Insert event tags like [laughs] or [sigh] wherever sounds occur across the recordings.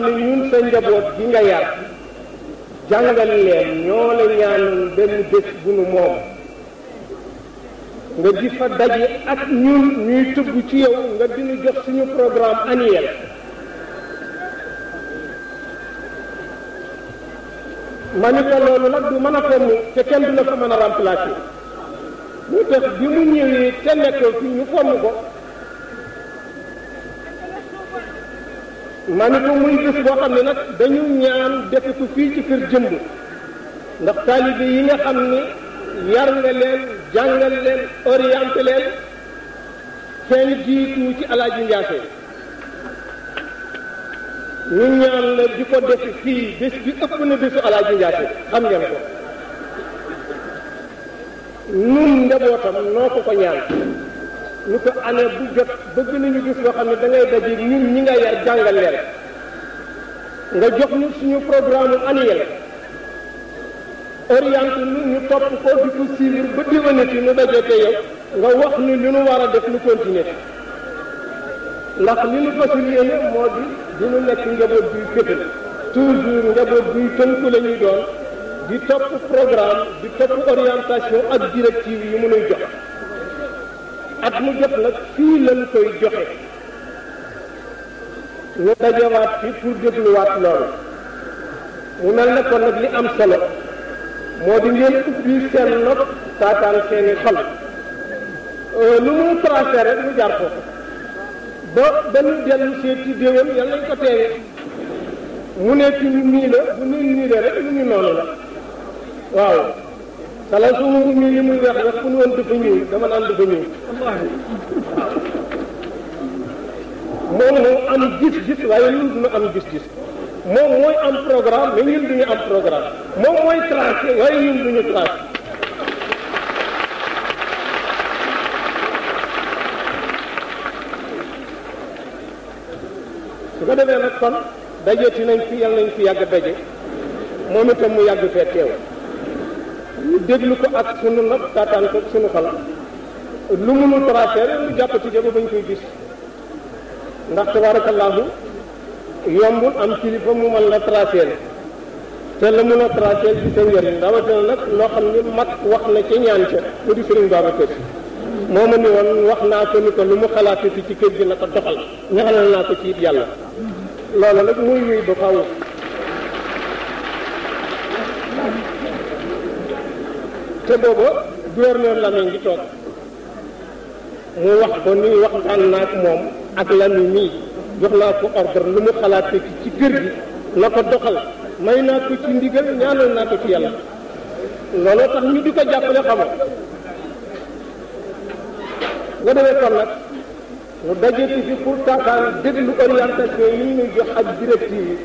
xam ne ñun sa njaboot gi nga yar jàngal leen ñoo la ñaanal benn bés bu nu moom nga di fa daje ak ñun ñuy tëgg ci yow nga dinu jox suñu programme annuel ma ni ko du mën a fenn te kenn du la fa mën a remplacer mu tax bi mu ñëwee te nekkee fii ñu ko manitu muy bés boo xam ne nag dañu ñaan defe ko fii ci kër jëmb ndax taalibe yi nga xam ne yar nga leen jàngal leen orienté leen seen jiitu ci alaaji Njaase ñu ñaan la di ko def fii bés bi ëpp na bésu alaaji Njaase xam ngeen ko nun njabootam noo ko ko ñaan ñu ko année bu jot bëgg nañu gis loo xam ne da ngay daje ñun ñi nga yar jàngal leen nga jox ñu suñu programme annuel orienté ñu ñu topp ko di ko suivre ba déwénati nu dajee te nga wax ni li nu war a def nu continuer ndax li nu fas yéene moo di di nu nekk njaboot buy fétal toujours njaboot buy tënku la doon di topp programme di topp orientation ak directive yi mu jox at mu jot nag fii lañ koy joxe ñu dajawaat fi pour dégluwaat loolu mu mel ne kon nag li am solo moo di ngeen ubbi seen nopp taataan seeni xol euh, lu mu tracé rek mu jaar foofu ba ba ñu dellu seeti déwén yal nañ ko teewe mu ne ci nii la bu nii la rek lu ñu noonu la waaw xanaa su ma mbubb mi li muy weex weex ku ñu woon dafa ñuul dama naan dafa ñuul moom moo am gis-gis waaye ñun duñu am gis-gis moom mooy am programme mais ñun duñu am programme moom mooy tracé waaye ñun duñu tracé su ko defee nag kon dajeeti nañ fi yàlla nañ fi yàgg daje moom itam mu yàgg fee teew déglu ko ak sunu nopp taataan ko sunu xol lu mënul tracer ñu jàpp ci jaba bañ koy gis ndax tabarakallahu yombul am kilifa mu mën la tracer te la mën a tracer ci sa njëriñ rawatina nag loo xam ni mag wax na ci ñaan ca mu di Sëriñ Babacar moo ma ni woon wax naa ko ni ko lu mu xalaatati ci kër gi na ko doxal ñaxalal naa ko ci it yàlla loolu nag muy wéy ba faaw te booba gouverneur Lamine ngi toog mu wax ko ni waxtaan naa ak moom ak Lamine mii jox naa ko ordre lu mu xalaat ci kër gi na ko doxal may naa ko ci ndigal ñaanal naa ko ci yàlla looloo tax ñu di ko jàppale xama nga demee kon nag mu dajati fi pour taataan déglu orientation yi ñu jox ak directive yi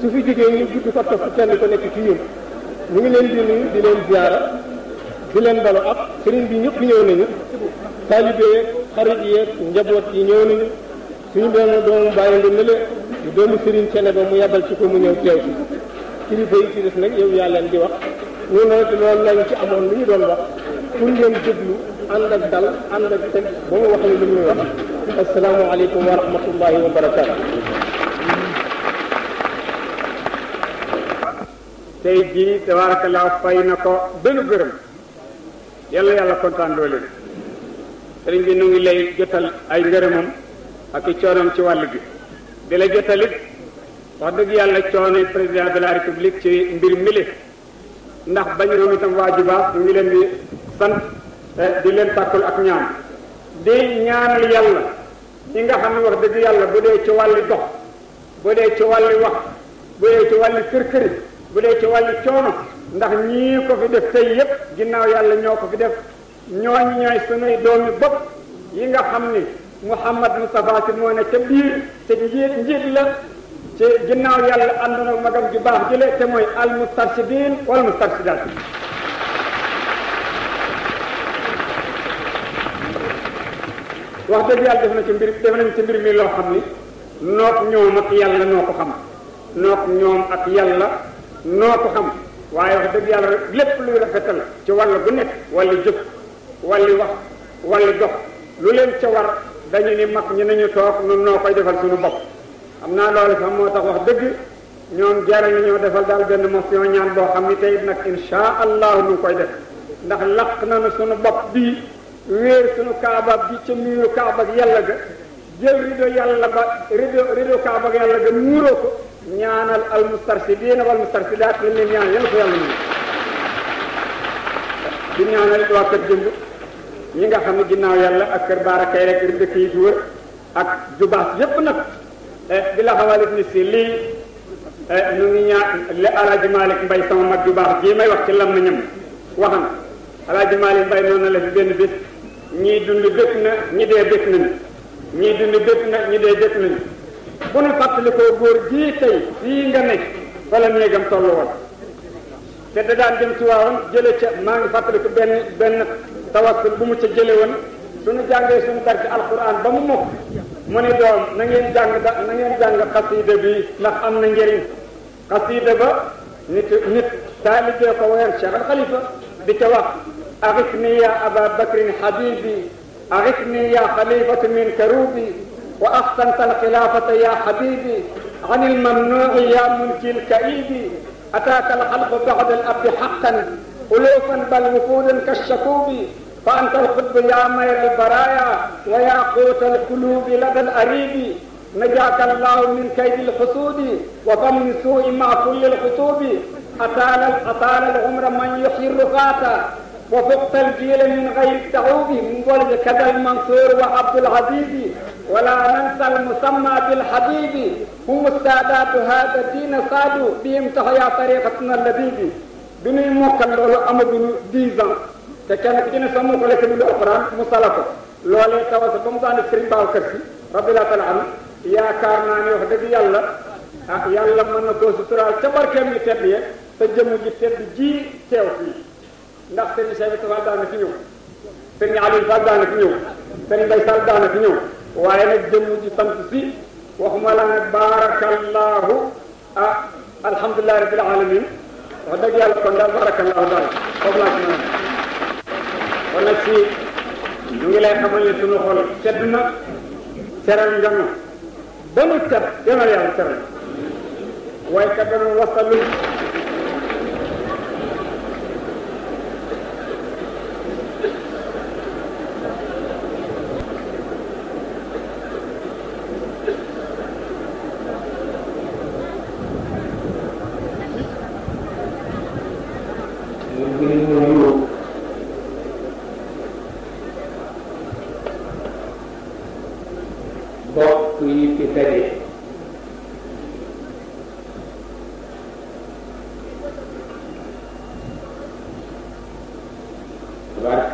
su fi jógee ñu gudd ko topp kenn ko nekk ci ñun ñu ngi leen di nuyu di leen ziara di leen balu ak sëriñ bi ñëpp ñëw nañu taalibe xarit yeeg njaboot yi ñëw nañu suñu benn doomu bàyyi nga nële di doomu sëriñ cene ba mu yabal ci ko mu ñëw teew ci kilifa yi ci des nag yow yaa leen di wax ñu nawet loolu lañ ci amoon lu ñu doon wax pour ngeen déglu ànd ak dal ànd ak teg ba mu wax lu ñuy wax asalaamaaleykum wa rahmatullahi wa barakaatu tey jii tabaarakallah fay na ko benn gërëm yàlla yàlla kontaan loo leen sëriñ bi nu ngi lay jotal ay ngërëmam ak i coonoom ci wàll bi di la jotalit wax dëgg yàlla coono président de la république ci mbir mili ndax bañ room tam waa Juba ñu ngi leen di sant di leen tàkkul ak ñaan di ñaanal yàlla ñi nga xam ne wax dëgg yàlla bu dee ci wàll dox bu dee ci wàlli wax bu dee ci wàlli kër këri bu dee ci wàllu coono ndax ñii ko fi def tey yépp ginnaaw yàlla ñoo ko fi def ñooñu ñooy sunuy doomi bopp yi nga xam ni Muhammad Mustafa si moo ne ca biir te njiit njiit la ci ginnaaw yàlla ànd na magam ju baax jële te mooy al mustarshidin wal mustarshidat wax dëgg yàlla def na ci mbir def nañ ci mbir mi loo xam ni nook ñoom ak yàlla noo ko xam nook ñoom ak yàlla noo ko xam waaye wax dëgg yàlla lépp luy rafetal ci wàll bu nekk wala jëf wala wax wala jox lu leen ca war dañu ni mag ñi nañu toog nun noo koy defal suñu bopp am naa loolu sax moo tax wax dëgg ñoom jaral ñu ñoo defal daal benn motion ñaan boo xam ni tey nag insha allahu nu koy def ndax na nañu suñu bopp bii wéer suñu kaaba bi ca miiru kaaba yàlla ga jël rido yàlla ba rido rido kaaba yàlla ga muuroo ko ñaanal almustarsidiina wal mustarsidaat ñu leen ñaan yéen ko yàlla ñu di ñaanal it waa kër jëmb ñi nga xam ne ginnaaw yàlla ak kër baara kay rek dëkk yi di wër ak jubaas yépp nag eh, di la xawalit ni si lii ñu eh, ngi ñaan li alaaji Malick Mbay sama mag ju baax jii may wax ci lam ñam waxam alaaji Malick Mbay noonu la fi benn bés ñii dund bépp na ñi dee bépp nañu ñii dund bépp na ñi dee bépp nañu bu nu fàttalikoo góor gii tey fii nga nekk fala néegam tollu woon te da daan jëm ci waawoon jële ca maa ngi fàttaliku benn benn tawassul bu mu ca jële woon suñu jàngee suñu barke alquran ba mu mokk mu ne doom na ngeen jàng da na ngeen jàng xasiida bi ndax am na njëriñ xasiida ba nit nit taalibee ko weer al Khalifa di ca wax arif ni ya aba bakrin habibi arif ni ya xalifatu min karubi وأحسنت الخلافة يا حبيبي عن الممنوع يا منجي الكئيب أتاك الخلق بعد الأب حقا ألوفا بل وفودا كالشكوب فأنت القطب يا مير البرايا ويا قوت القلوب لدى الأريب نجاك الله من كيد الحسود وفم سوء مع كل الخطوب أطال أطال العمر من يحيي الرقاة وفق الجيل من غير التعوب ولد كذا المنصور وعبد العزيز ولا ننسى المسمى بالحبيب هم السادات هذا الدين صادوا بهم تحيا طريقتنا اللذيذ بني موكل لولو أما بنو ديزان تكن كنا سمو كل كنا القرآن مصالحة لولا تواس بمضان سرين باو كرسي رب لا تلعن يا كارناني وحدك يلا يلا من كوسطرال تبركم يتبيه تجمع جتبي جي توفي ndax sëriñ Cheikh Fall daana fi ñëw sëriñ Aliou Fall daana fi ñëw sëriñ Bay Sall daana fi ñëw waaye nag jëmm ci sant si waxuma la nag barakallahu ah alhamdulilah rabbil alamin wax dëgg yàlla kon daal barakallahu daal foofu laa ci mën kon nag si ñu ngi lay xamal ne suñu xol sedd na seral nga ba nu cat yàlla yàlla seral waaye kat dañu wasalu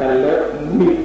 la nit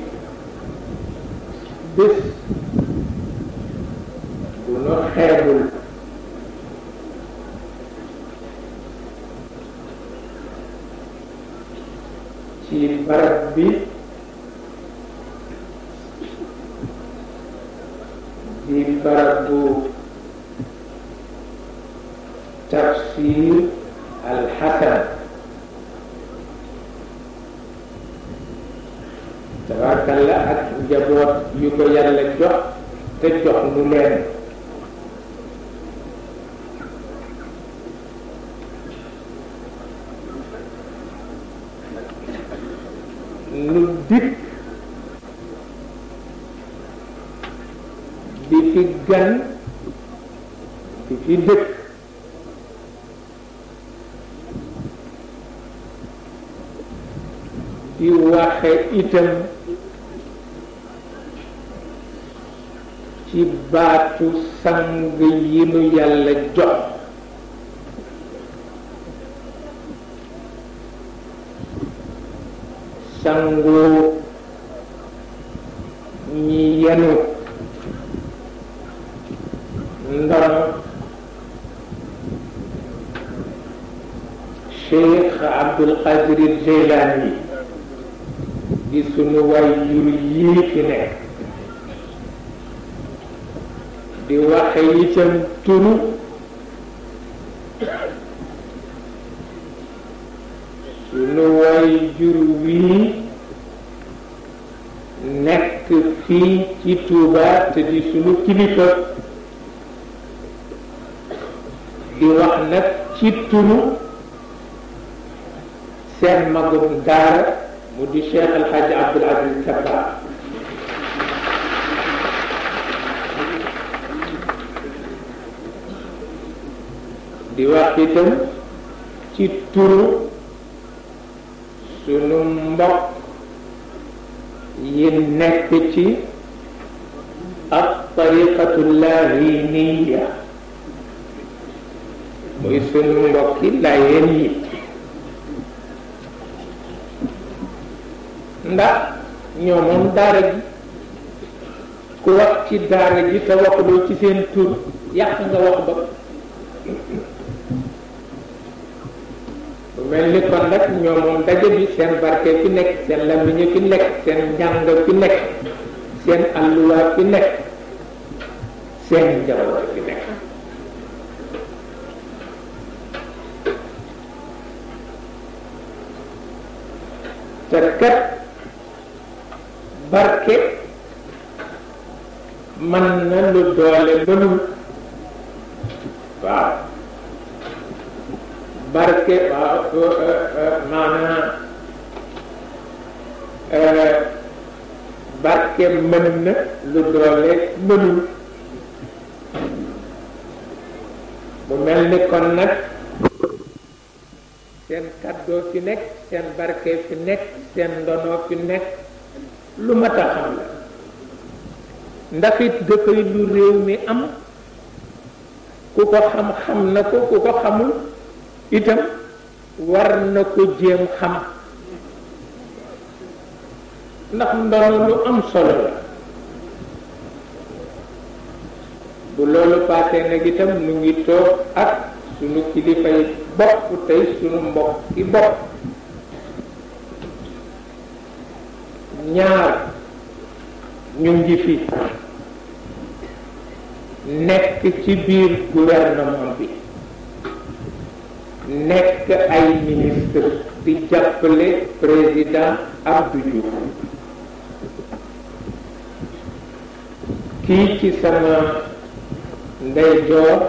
mu yàlla jox sangu ñi yenu ndam Cheikh Abdul Qadir Jilani di sunu waajur yii fi nekk di waxe itam turu sunu way jur wii nekk fii ci Tuuba te di sunu kilifa di wax nag ci turu seen magum daara mu di Cheikh El Hadj Aziz Dabakh di wax itam ci turu sunu mbokk yi nekk ci ak tariqatu laayiniya muy sunu mbokki laayeen yi ndax ñoo moom daara ji ku wax ci daara ji te waxuloo ci seen tur yàq nga wax ba mel ni kon nag ñoo moom daje bi seen barke fi nekk seen lamiñe fi nekk seen njàng fi nekk seen alluwa fi nekk seen njaboot fi nekk te kat barke mën na lu doole mënul barke waaw maanaam barke mën na lu doole mënul mu mel ni kon nag seen kaddoo fi nekk seen barke fi nekk seen ndonoo fi nekk lu mat a xam la ndax dëkk lu réew mi am ku ko xam xam na ko ku ko xamul itam war na ko jéem xam ndax ndono lu am solo la bu loolu paasee nag itam nu ngi toog ak sunu kilifa yi bopp tey sunu mbokk yi bopp ñaar ñu ngi fi nekk ci biir gouvernement bi nekk ay ministre di jàppale président Abdou Diouf kii ci sama ndeyjoor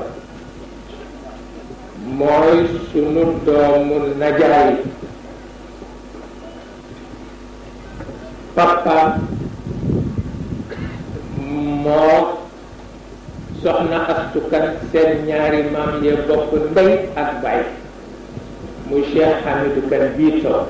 mooy sunu doomu najaay papa moo soxna astukan seen ñaari maam ya bokk ndey ak baay muy Cheikh Hamidou Kane bii toog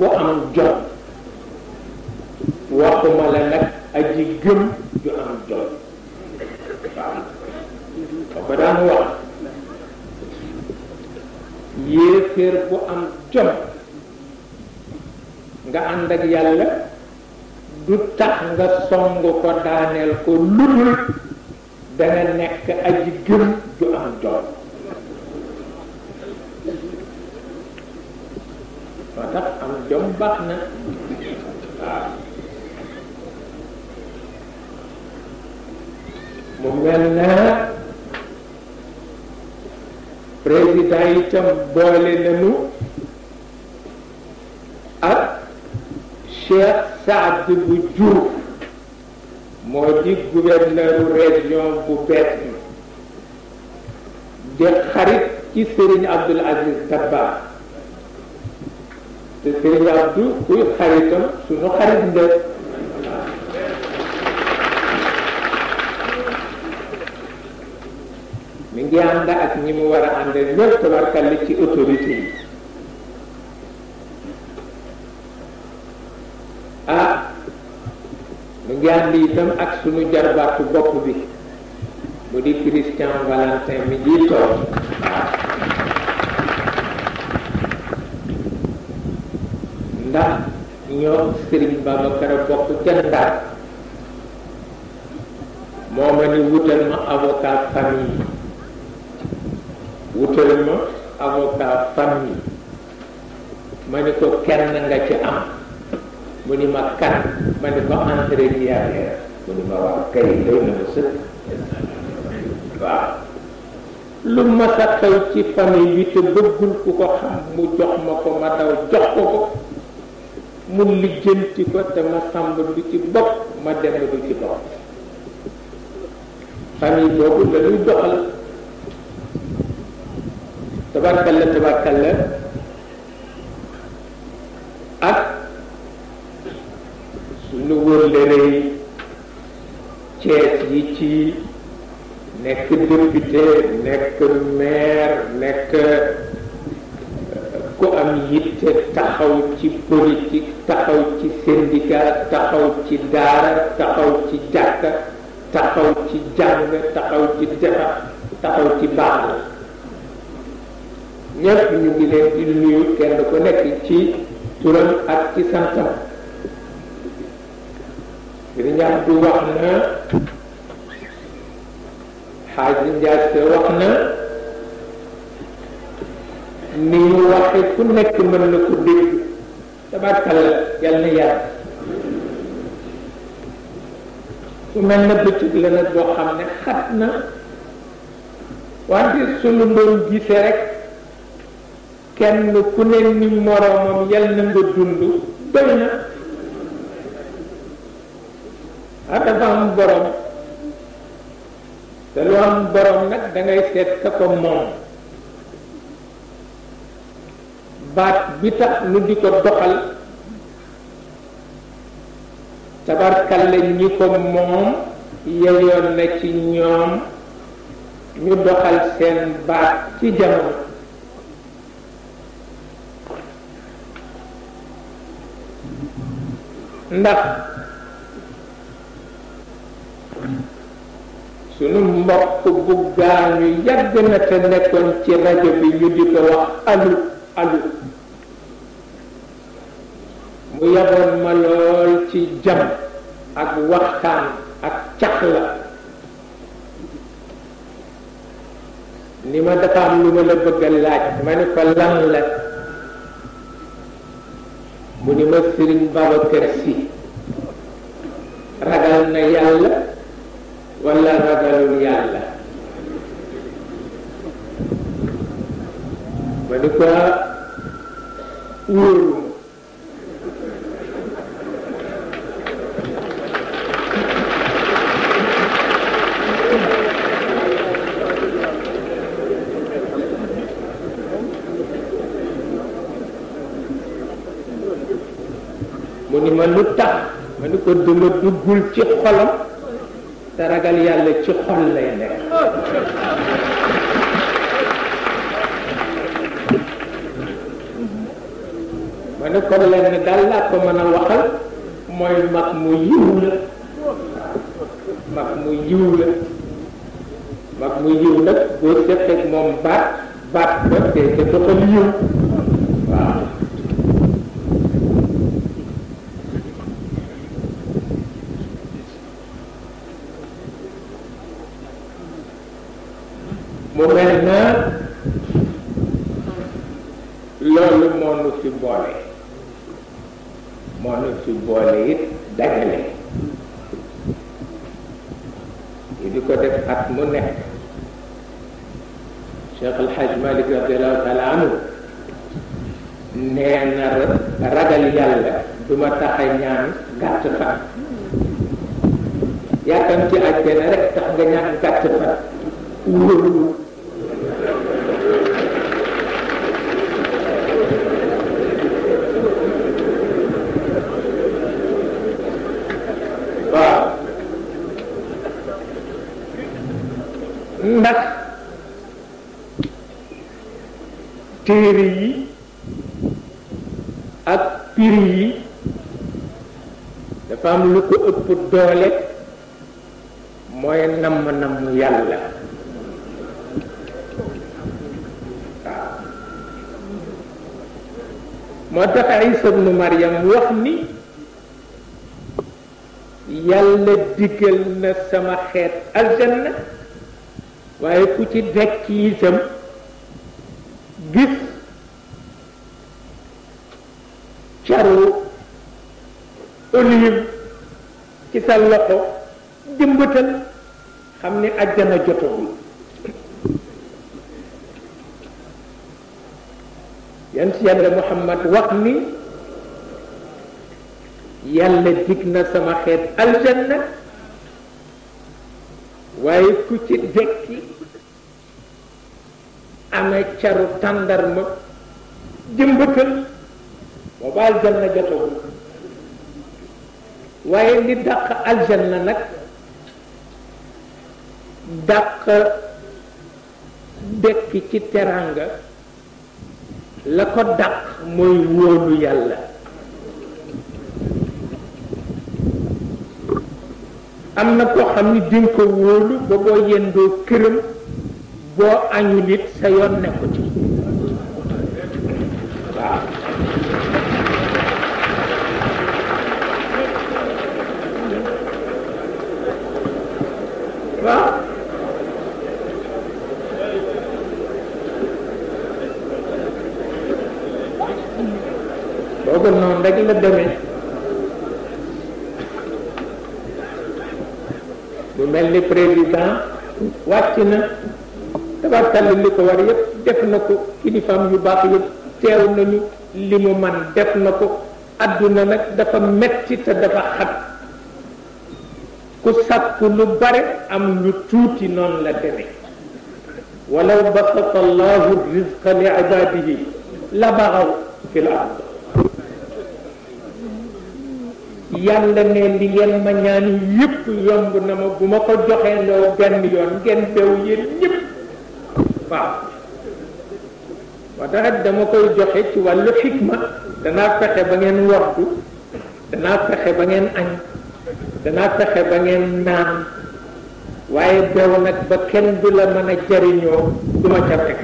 bu am jom waxuma la nag aji gëm ju am jom waaw ba ko yéeféer bu am jom nga ànd ak yàlla du tax nga song ko daaneel ko lu dul danga nekk aji gëm ju am jom jom baax na waaw mu mel na président yi tam boole nañu ak Cheikh Saad bu Diouf moo di gouverneur région bu bees bi di xarit ci Serigne Abdoul Aziz Dabakh te Serigne Abdou kuy xaritam suñu xarit nga mi ngi ànd ak ñi mu war a ànd ñëpp tabarkalli ci autorité yi ah mi ngi ànd itam ak suñu jarbaatu bopp bi mu di Christian Valentin mi ngi toog ndax ñoo Sëriñ Babacar bokk ca Ndar moo ma ni wutal ma avocat famille wutal ma avocat famille ma ni ko kenn nga ci am mu ni ma kan ma ni ko entrenière mu ni ma wax kay doy na ma sëkk waaw lu ma ci famille bi te bëggul ku ko xam mu jox ma ko ma jox ko ko mu lijjanti ko te ma sàmb du ci bopp ma dem du ci bopp famille boobu la ñuy doxal tabarkalla tabarkalla ak suñu wëllëre yi ceet yi ci nekk député nekk maire nekk ku am yitte taxaw ci politique taxaw ci syndicat taxaw ci daara taxaw ci jàkka taxaw ci jàng taxaw ci defar taxaw ci baax la ñépp ñu ngi leen di nuyu kenn ku nekk ci turam ak ci santam sëriñ Abdu wax na xaaji Njaay wax na ni mu waxe ku nekk mën na ko dégg tabarkalla yàlla na yàgg su mel na bëccëg la nag boo xam ne xat na wante suñu doon gisee kenn ku ne ni moroomam yàlla na nga dund doy na ah dafa am borom te lu am borom nag da ngay seet ka ko moom baat bi tax nu di ko doxal tabarkalla ñi ko moom yeyoon na ci ñoom ñu doxal seen baat ci jamono ndax sunu mbokk bu gaañu yàgg na te nekkoon ci rajo bi ñu di ko wax alu alu mu yaboon ma lool ci jam ak waxtaan ak cax la ni ma dafa lu ma la bëgga laaj ma ne ko lan la mu ni ma Sëriñ Babacar Si ragal na yàlla wala ragalul yàlla ma ni ko ah, wóor ko duma duggul ci xolam te ragal yàlla ci xol lay nekk ma ne lenn daal laa ko mën a waxal mooy mag mu yiw la mag mu yiw la mag mu yiw nag boo seqeeg moom baat baat ba te doxal yiw téere yi ak piri yi dafa am lu ko ëpp doole mooy namm namm yàlla moo tax Isa bnu Maryam wax ni yàlla diggal na sama xeet aljanna waaye ku ci dekk itam sa loxo jëmbatal xam ne àjjana jotagul yan si yàlla Muhammad wax ni yàlla dig na sama xeet aljanna waaye ku ci dekki amee caru tàndarma jëmbatal booba aljanna jotagul waaye li dàq aljanna nag dàq dekki ci teraanga la ko dàq mooy wóolu yàlla am na koo xam ni dinga ko wóolu ba boo yendoo këram boo añul it sa yoon nekku ci rek la demee lu mel ni président wàcc na tabarkàlla li ko war yépp def na ko kilifaam yu baax yëpp teew nañu li mu man def na ko adduna nag dafa metti te dafa xat ku sàkku lu bare am lu tuuti noonu la demee walaw basata allahu rizqa li ibadihi la baxaw fi yàlla ne li ngeen ma ñaan yëpp yomb na ma bu ma ko joxee loo benn yoon ngeen bew yéen waaw moo tax dama koy joxe ci wàllu xikma danaa fexe ba ngeen wartu danaa fexe ba ngeen añ danaa fexe ba ngeen naan waaye bew nag ba kenn du la mën a jariñoo du ca fekk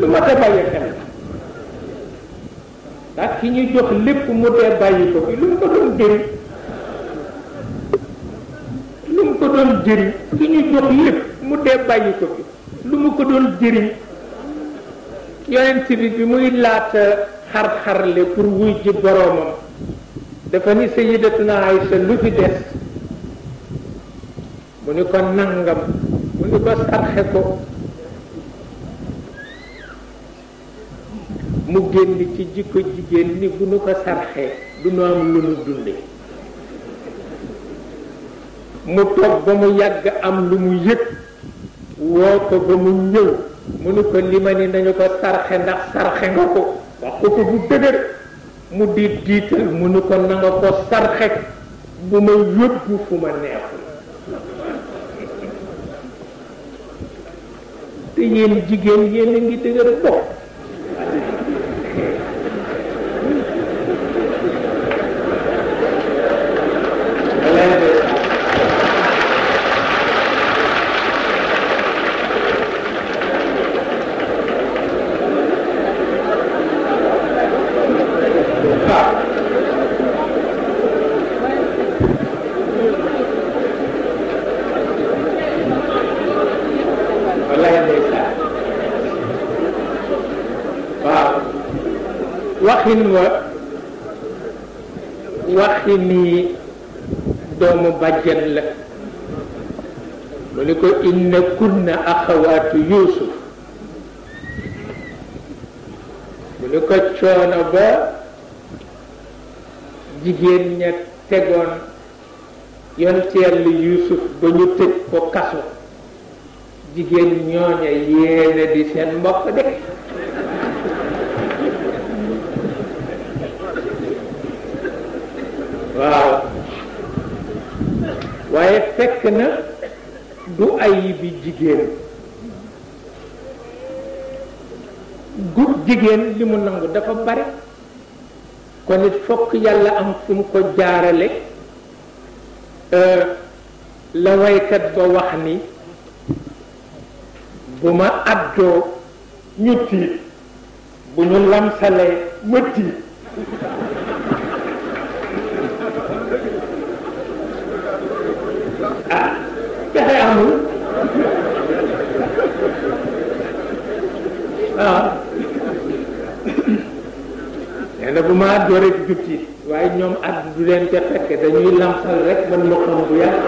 lu ma ta bàyyi xel ak ki ñu jox lépp mu dee bàyyi ko fi lu mu ko doon jëriñ lu mu ko doon jëriñ ki ñu jox lépp mu dee bàyyi ko fi lu mu ko doon jëriñ yonent bi bi muy laata xar-xarle pour wuy ji dafa ni sayidatuna Aysa lu fi des mu ni ko nangam mu ni ko sarxe ko mu génn ci jikko jigéen ni bu nu ko sarxee du nu am lu nu dunde mu toog ba mu yàgg am lu mu yëg woo ba mu ñëw mu nu ko limani nañu ko sarxe ndax sarxe nga ko wax ko ko bu dëgër mu di diital mu nu ko na ko sarxe bu ma yóbbu fu ma neexul te yéen jigéen yéen a ngi dëgër bopp wallahi ndeysaan waaw waxin wa waxini doomu bàjjan la mu ni ko inna kunna axawaatu yuusuf mu ni ko coono ba jigéen ña tegoon yonent yàlla yuusuf ba ñu tëj ko kaso jigéen ñooña yéene di seen mbokk de waaw waaye fekk na du ay bi jigéen gu jigéen li mu nangu dafa bari kon it fokk yàlla am fu ko jaarale la waykat ba wax ni bu ma addoo ñu tiit bu ñu lamsalee ma tiit [laughs] ah pexe amul ah ne la bu ma waaye ñoom àdd du leen ca fekk dañuy lamsal rek man ma xam bu yàgg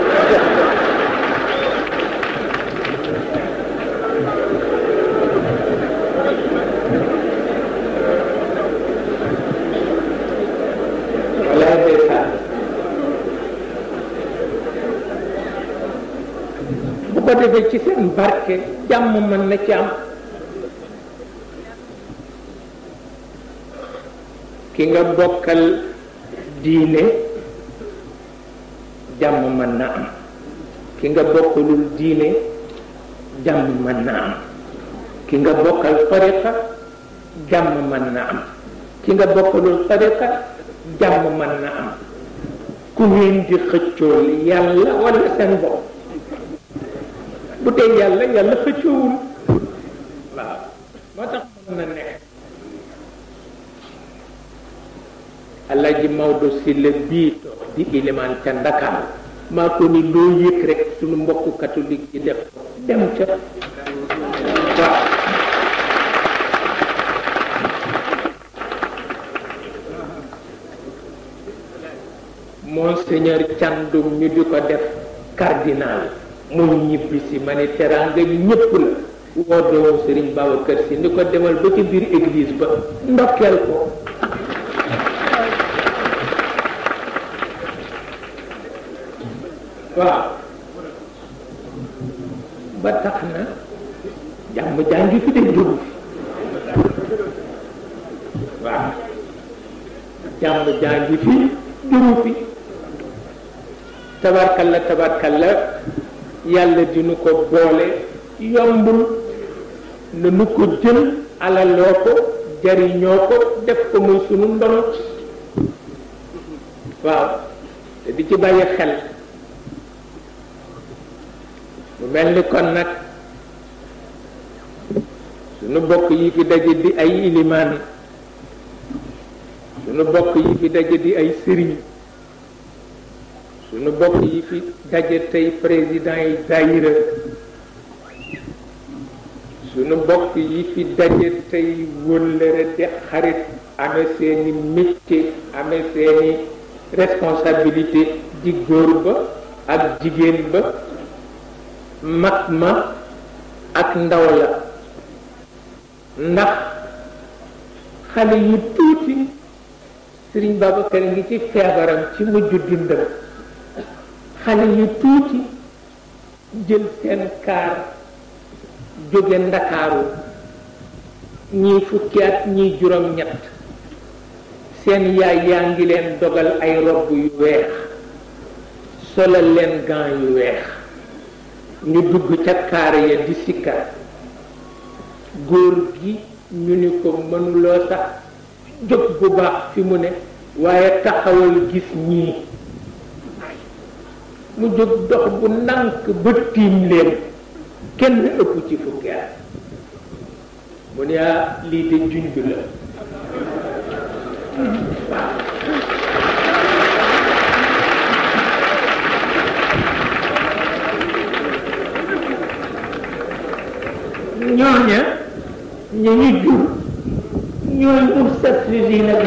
bu ko defee ci seen barke jàmm mën na ci am ki nga bokkal diine jàmm mën na am ki nga bokkalul diine jàmm mën na am ki nga bokkal tariqa jàmm mën na am ki nga bokkalul tariqa jàmm mën na am ku ngeen di xëccool yàlla wala seen bopp bu tey yàlla yàlla xëccoowul alaaji Maodo si la bii toog di ilimaan ca Ndakaaru maa ko ni loo yëg rek suñu mbokku catholique yi def dem ca monseigneur Thiandoum ñu di ko def cardinal muy ñibbi si ma ni teraanga ñëpp la woo doomu Serigne Babacar si ni ko demal ba ci biir église ba ndokkeel ko waaw ba tax na jàmm jàngi fi de jógu waaw jàmm jàngi fi jógu fi tabarkalla tabarkalla yàlla dinu ko boole yombul na nu ko jël alaloo ko jariñoo ko def ko muy sunu ndono waaw te di ci bàyyi xel mel ni kon nag sunu bokk yi fi daje di ay ilimaan sunu bokk yi fi daje di ay sëriñ sunu bokk yi fi daje tey président yi daayira sunu bokk yi fi daje tey wëllëre di xarit amee seeni métier amee seeni responsabilité di góor ba ak jigéen ba mag ma ak ndaw la ndax xale yu tuuti Sëriñ Babacar ngi ci feebaram ci mujju dundam xale yu tuuti jël seen kaar jóge Ndakaaru ñii fukki at ñii juróom ñett seen yaay yaa ngi leen dogal ay robb yu weex solal leen gants yu weex ñu dugg ca kaara ya di sikkar góor gi ñu ni ko mënuloo sax jóg bu baax fi mu ne waaye taxawal gis ñii mu jóg dox bu nànk ba tiim leen kenn ëpp ci fukki at mu ne ah, lii de junj la ñooña ñu ñu jur ñooy mursalisiin ak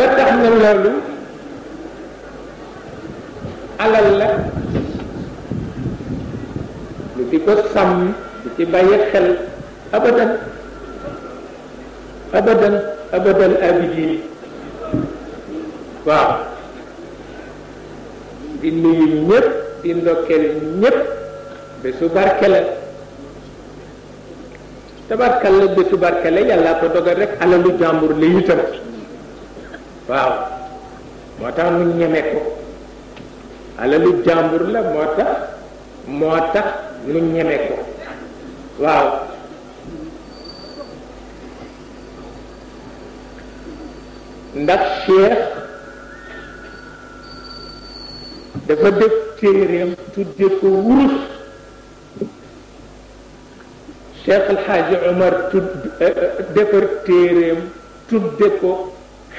ba tax na loolu alal la lu ci ko sàmm lu ci bàyyi xel abadan abadan abadan abidin waaw di nuyu ñëpp di ndokkeel ñëpp bésu barke la tabarkal la bésu barke la yàlla ko dogal rek alalu jàmbur la itam waaw moo tax mu ñeme ko alalu jàmbur la moo tax moo tax ñu ñeme ko waaw ndax cheikh dafa def téeréem tudde ko wurus cheikh alxaaji omar tudd eh, eh, defar téeréem tudde ko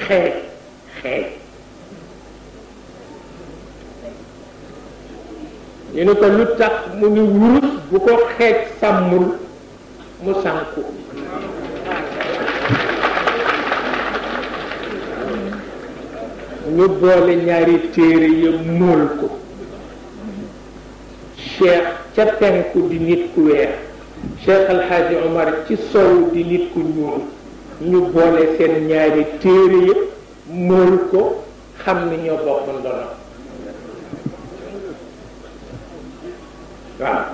xeet xeey ñu ne ko lu tax mu ngi wurus bu ko xeej sàmmul mu sànku ñu boole ñaari téere ya móol ko cheikh ca penku di nit ku weex cheikh alxaaji omar ci sow di nit ku ñuul ñu boole seen ñaari téere ya mool ko xam ni ñoo bokk ndono waaw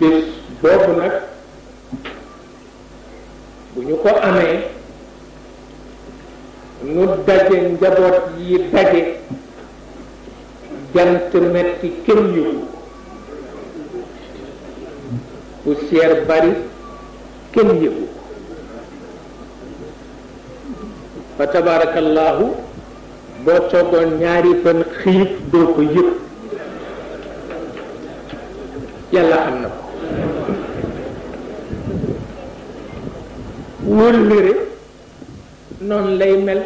bis boobu nag bu ñu ko amee nu daje njaboot yi daje jant metti kenn yëgu poussière bari kenn yëgu fa tabaarakallaahu boo toogoon ñaari fan xiif doo ko yëg yàlla xam na ko wëllëre noonu lay mel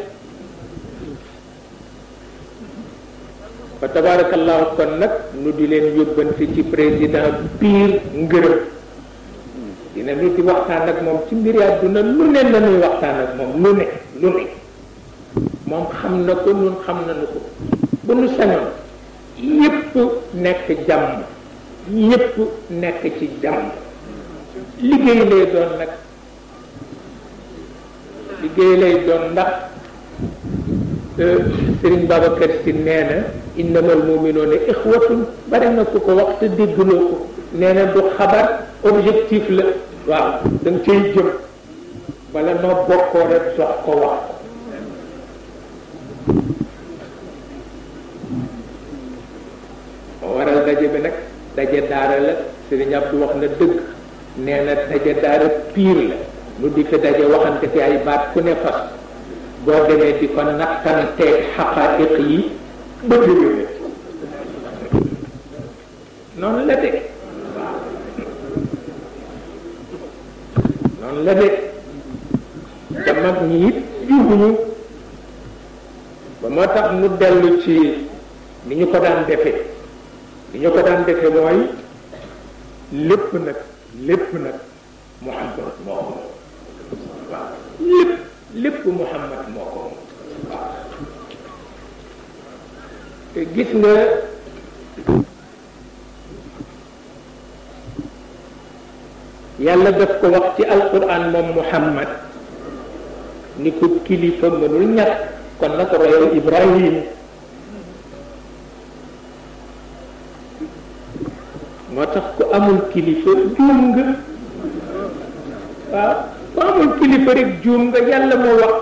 fa tabaarakallaahu kon nag nu di leen yóbbante ci président biir ngërëm dina nu di waxtaan ak moom ci mbiri àdduna lu ne la nuy waxtaan ak moom lu ne lu ne moom xam na ko ñun xam nañu ko bu nu sañoon yépp nekk jàmm ñépp nekk ci jàmm liggéey lay doon nag liggéey lay doon ndax euh, Sëriñ Babacar Si nee na innamal mu'minuuna ixwatun bari na ku ko wax te déggloo ko nee na xabar objectif la waaw da nga cay jëm bala noo bokkoo rek sox ko wax ko waral daje bi nag daje daara la Serigne Abdou wax na dëgg nee na daje daara piir la nu di fi daje waxante fi ay baat ku ne fas boo demee di ko nattanteeg xaqaayiq yi bëgg noonu la de la nekk te mag ñi it juubuñu ba moo tax mu dellu ci ni ñu ko daan defe ni ñu ko daan defe mooy lépp nag lépp nag muhammad moo ko moom lépp lépp muhammad moo ko moom te gis nga yàlla daf ko wax ci alquran moom muhammad ni ko kilifa mënul ñàkk kon ko royal ibrahim moo tax ko amul kilifa juum nga waaw ku amul moo wax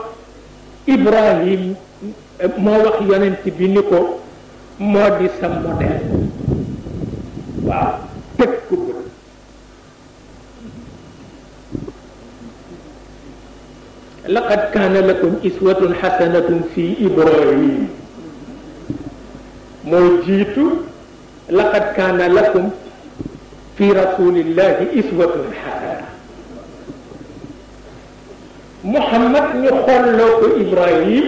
ibrahim moo wax yonent bi ni ko moo di sa laqad kaana lakum iswatun xasanatun fi ibrahim moo jiitu laqad kaana lakum fi rasulillahi iswatun xasana muhammad ñu xolloo ko ibrahim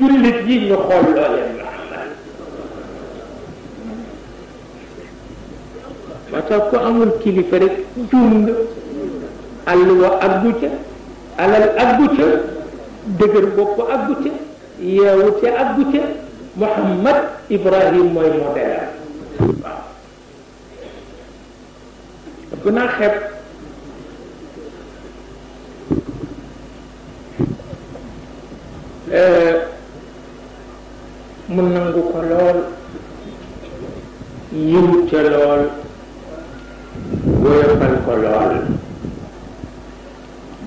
jullit yi ñu xolloo leen muhammad moo tax ku amul kilifa rek juum nga àll wa àggu ca alal aggu ca dëgër bopp aggu ca yeewu ca aggu ca Muhammad Ibrahim mooy modèle waaw ëpp naa xeeb euh, mu nangu ko lool yiw ca lool woyofal ko lool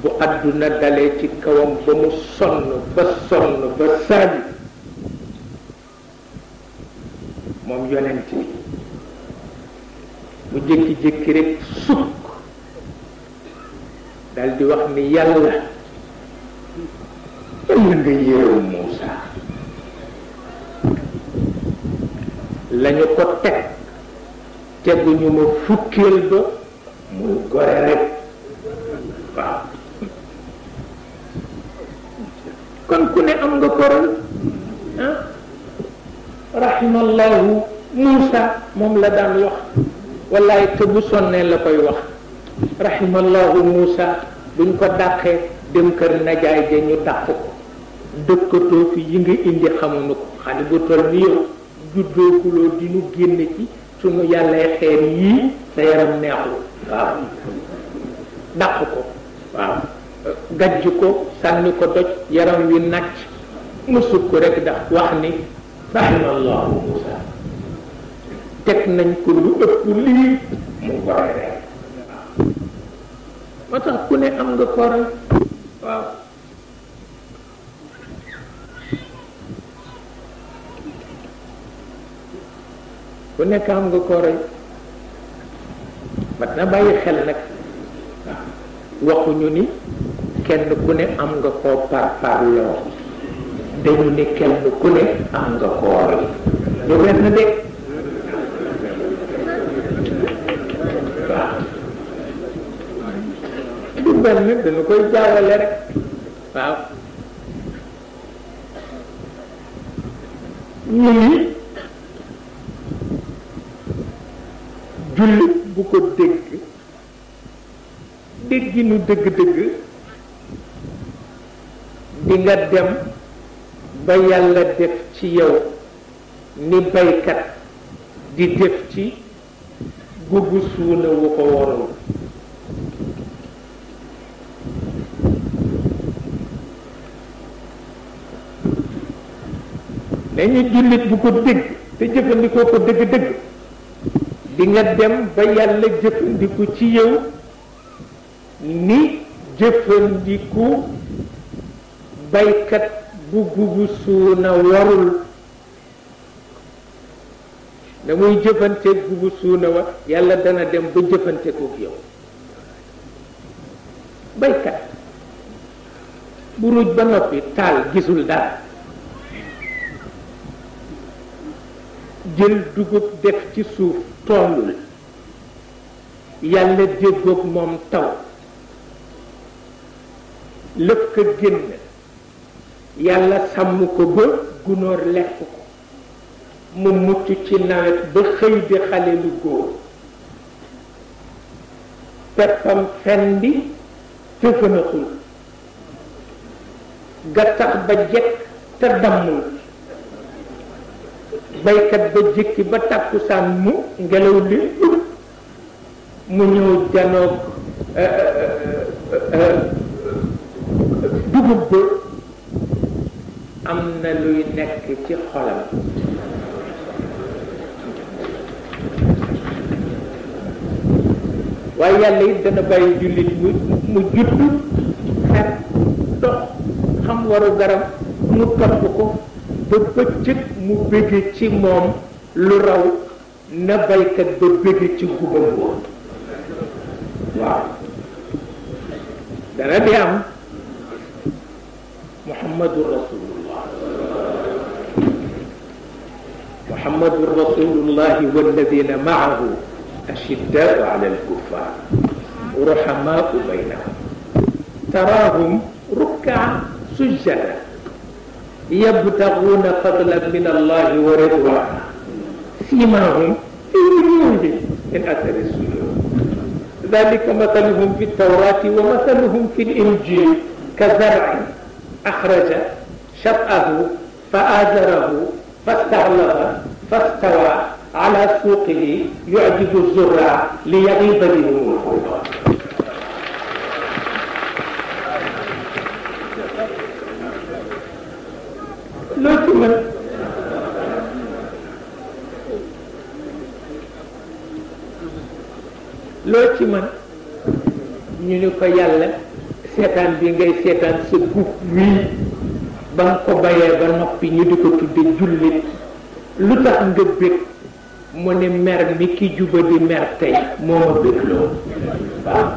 bu àdduna dalee ci kawam ba mu sonn ba sonn ba saabi moom yonent bi mu jékki-jékki rek sukk dal di wax ni yàlla yàlla nga yéew Muusa lañu ko teg teguñu ma fukkeel ba muy gore rek waaw kon ku ne am nga koral ah rahimallahu Moussa moom la daan wax wallaay te sonnee la koy wax rahimallahu Moussa buñ ko dàqee dem kër najaay ja ñu dàq ko dëkkatoo fi yi nga indi xamuñu ko xale bu toll ni yow juddookuloo di ñu génn ci suñu yàllee xeer yii sa yaram neexul waaw dàq ko waaw gajj ko sànni ko doj yaram wi nàcc mu sukk rek ndax wax ni rahimallahu Muusa teg nañ ko lu ëpp lii mu koray rek moo tax ku ne am nga koral waaw ku nekk am nga koray mat na bàyyi xel nag waxuñu ni kenn ku ne am nga koo par parloo dañu ni kenn ku ne am nga koo rey ñu wenn de waaw koy jaawale rek waaw ñu ni jullit bu ko dégg dégginu dëgg-dëgg di nga dem ba yàlla def ci yow ni baykat di def ci gugg suuna wu ko waroon dañu jullit bu ko dégg te jëfandikoo ko dëgg-dëgg di dem ba yàlla jëfandiku ci yow ni jëfandiku baykat bu gubu suuna warul da muy jëfanteeg gubu suuna wa yàlla dana dem ba jëfante yow baykat bu ba noppi taal gisul dara jël dugub def ci suuf tollul yàlla déggoog moom taw lëf ka génn yàlla sàmm ko ba gunóor lekk ko mu mucc ci nawet ba xëy di xale lu góor peppam fen bi tëfanaxul gattax ba jekk te dammul baykat ba jikki ba tàkkusaan mu ngelaw li mu ñëw janoog euh, euh, euh, diggante am na luy nekk ci xolam waaye yàlla it dana bàyyi jullit mu mu judd xet dox xam waru garam mu topp ko ba bëccëg mu bëgg ci moom lu raw na baykat ba bëgg ci gubam woon waaw dana di am muhammadu rasulullah muhammadu rasulullah walladina maahu ashiddaau ala alkuffar ruhamaau baynahum taraahum rukkaan sujjadan يبتغون فضلا من الله ورضوانا سيماهم في وجوههم من اثر السجود ذلك مثلهم في التوراه ومثلهم في الانجيل كزرع axraja shab'ahu fa aajarahu fastaxlafa fastawa ala suuqihi yujibu zurra li yagiba bihim loo ci mën loo ci mën ñu ni ko yàlla seetaan bi ngay seetaan sa gub wii ba nga ko bayee ba noppi ñu di ko tudde jullit lu tax nga bëgg mu ne mer mi ki juba di mer tey moo ma bëggloo waaw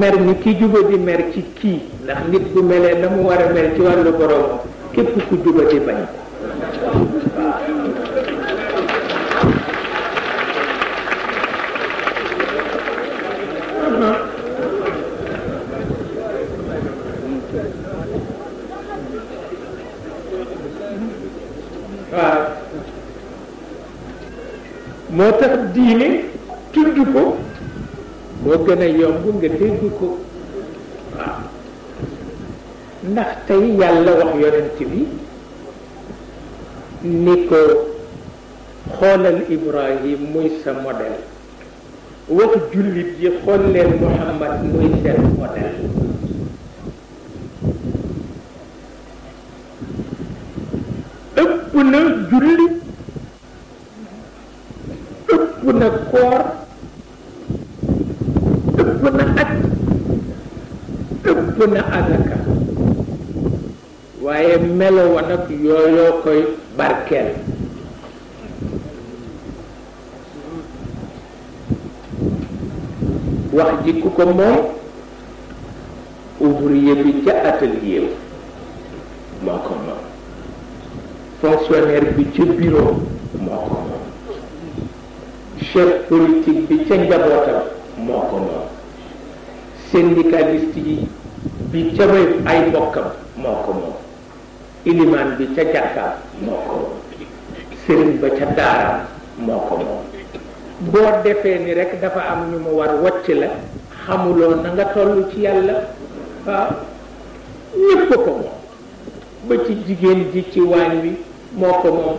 mer mi ki juba di mer ci kii ndax nit bu melee na mu war a mer ci wàllu borom képp ku juba di bañ moo tax diine tudd ko moo gën a yomb nga dégg ko waaw ndax tey yàlla wax yonent bi ni ko xoolal Ibrahim muy sa modèle wax jullit yi xool leen Muhammad muy seen modèle ëpp na jullit ëpp na asaka waaye melo wa nag yooyoo koy barkeel wax ji ku ko moom ouvrier bi ca atelier moo ko moom fonctionnaire bi ca bureau moo ko moom chef politique bi ca njabootam moo ko moom syndicaliste yi bi ca ay bokkam moo ko moom ilimaan bi ca jàkkaam moo ko moom sëriñ ba ca daaraam moo ko moom boo defee ni rekk dafa am ñu mu war wacc la xamuloo na nga toll ci yàlla waaw ñépp ko moom ba ci jigéen ji ci waañ wi moo ko moom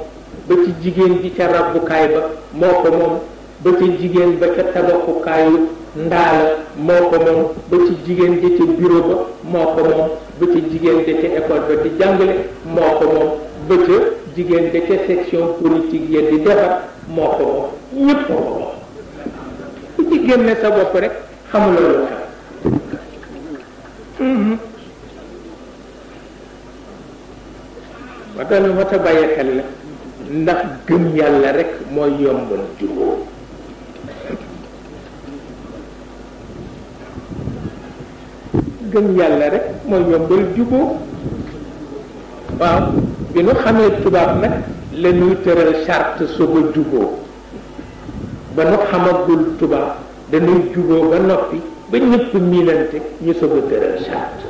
ba ci jigéen ji ca rabbukaay ba moo ko moom ba ci jigéen ba ca tabaxukaayu ndaala moo ko moom ba ci jigéen ja ca bureau ba moo ko moom ba ci jigéen ja ca école ba di jàngale moo ko moom ba ca jigéen ja ca section politique ya di defar moo ko moom ñépp ko moom ku ci génne sa bopp rek xamuloo lu xew mhm. ba doon lu ma ta bàyyi xel la ndax gëm yàlla rek mooy yombal jubóo gëm yàlla rek mooy yombal juboo waaw bi nu xamee tubaab nag la ñuy tëral charte soog a juboo ba nu xamagul tubaab dañuy juboo ba noppi ba ñëpp miinante ñu soog a tëral charte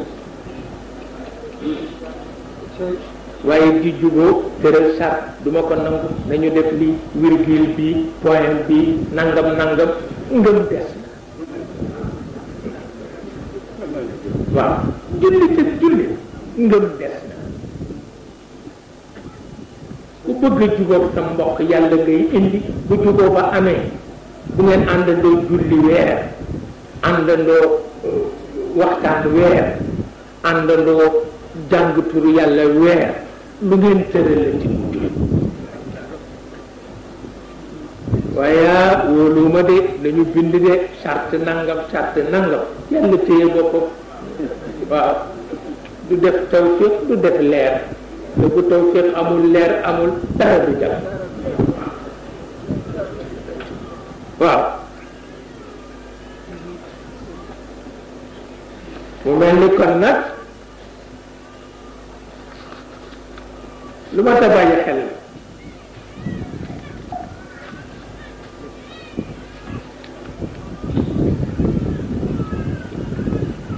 waaye di juboo tëral charte du ma ko nangu nañu def li virgule bi point bi nangam nangam ngëm des waaw julli ca julli ngëm des na ku bëgg a jubóog sa mbokk yàlla ngay indi bu jubóo ba amee bu ngeen àndandoo julli weer àndandoo euh, waxtaan weer àndandoo jàng turu yàlla weer lu ngeen tëralati mu jur waaye wóoluwuma de dañu bind de charte nangam charte nangam yàlla téye boppam waaw du def tawfiq du def leer te bu tawfiq amul leer amul dara du jàpp waaw mu mel ni kon nag lu ma ta bàyyi xel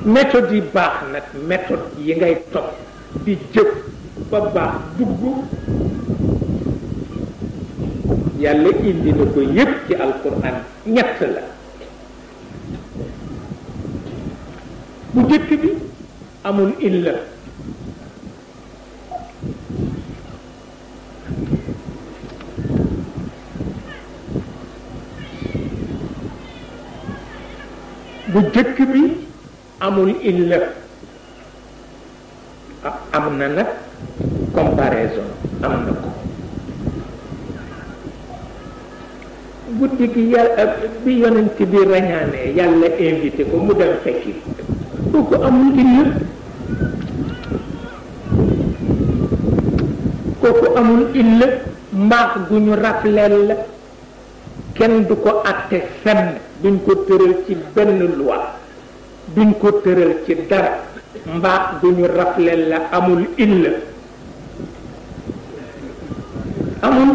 méthode yi baax nag méthode yi ngay topp di jëf ba baax dugg yàlla indi na ko yépp ci alquran ñett la bu jëkk bi amul illa bu jëkk bi amul illa am na nag comparaison am na ko guddi gi yàlla bi yonent bi rañaanee yàlla invité ko mu dem fekki kooku amul illa kooku amul illa mbaax gu ñu rafleel la kenn du ko àtte fenn duñ ko tëral ci benn loi duñ ko tëral ci dara mbaax duñu rafle la amul illa amul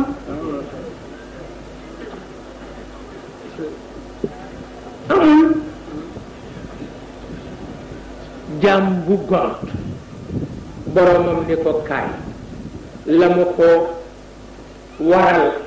amul jaam bu gont boromam ni ko kaay la mu ko waral